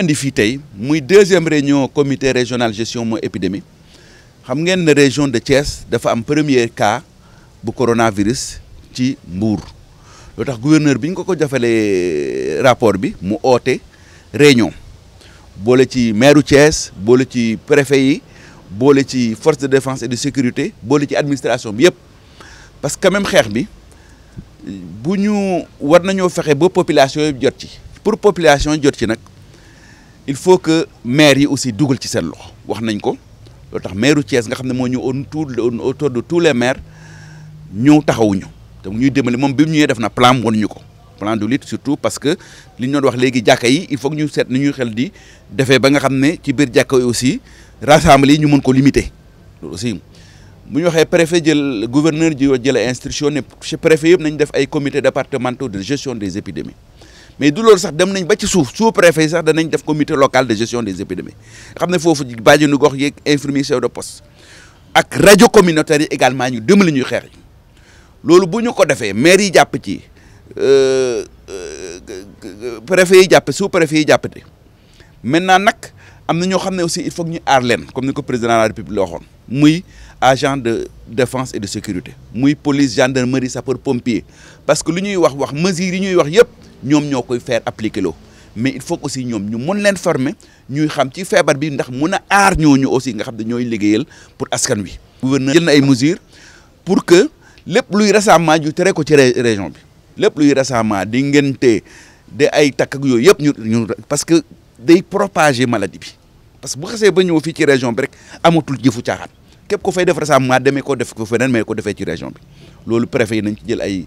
andi fii tey deuxième réunion comité régional gestion mo épidémie xam ngeen ne région de Thiès dafa am premier cas bu coronavirus ci Mbour loo gouverneur biñ a ko ko jafalé euh, rapport bi mu oote réunion bolé ci maire Thiès bolé ci préfet yi bolé ci force de défense et de sécurité bolé ci administration bi parce que même xeex bi buñu war nañu fexé bo population yi jot ci pour population jot ci il faut que maire yi aussi dugal ci seen loxo wax nañ ko lotax maireu ties Thiès nga xam ne moo ñu autour de tous les maires ñëw taxawuñu te ñuy dimbali mom bi mu def na plan wan ñuko plan de lutte surtout parce que li ñu wax légui jaka yi il faut que ñu set ni ñuy xel di défé ba nga xamne ci bir jaka yi aussi rassembler ñu mën ko limiter loolu aussi bu ñu waxee préfet jël gouverneur ji jëlee instruction chez préfet yëp nañ def ay comité départementaux de gestion des épidémies mais du loolu sax dem ba ci suuf sous préfet sax danañ def comité local de gestion des épidémies xam ne foofu bàjjenu gox yeeg infirmier chef de poste ak radio communautaire également ñu dimbali ñuy xeex loolu bu ñu ko Mairie maire yi jàpp ci euh, euh, préfet yi sous préfet yi jàppati maintenant nak am na aussi il faut que ñu aar comme ni ko président de la république la waxoon muy agent de défense et de sécurité muy police gendarmerie sapeur pompier parce que lu ñuy wax wax mesures yi ñuy wax yëpp ñom ñoo faire appliquer lo mais il faut aussi ñom ñu mun leen former ñuy xam ci fièvre bi ndax mëna ar aar ñooñu aussi nga xam ne ñoy liggéeyal pour askan wi. gouverneur jël na ay mesures pour que lepp luy rassemblement ju téré ko ci région bi lepp luy rassemblement di ngenté de ay tak ak yooyu yëpp ñu parce que day propager maladie bi parce que bu xasee ba ñëw fi ci région bi rek amatul jëfu caaxaan kep ko fay def rassemblement demee ko def ko fenen mais ko defee ci région bi lolu préfet yi nañ ci jël ay.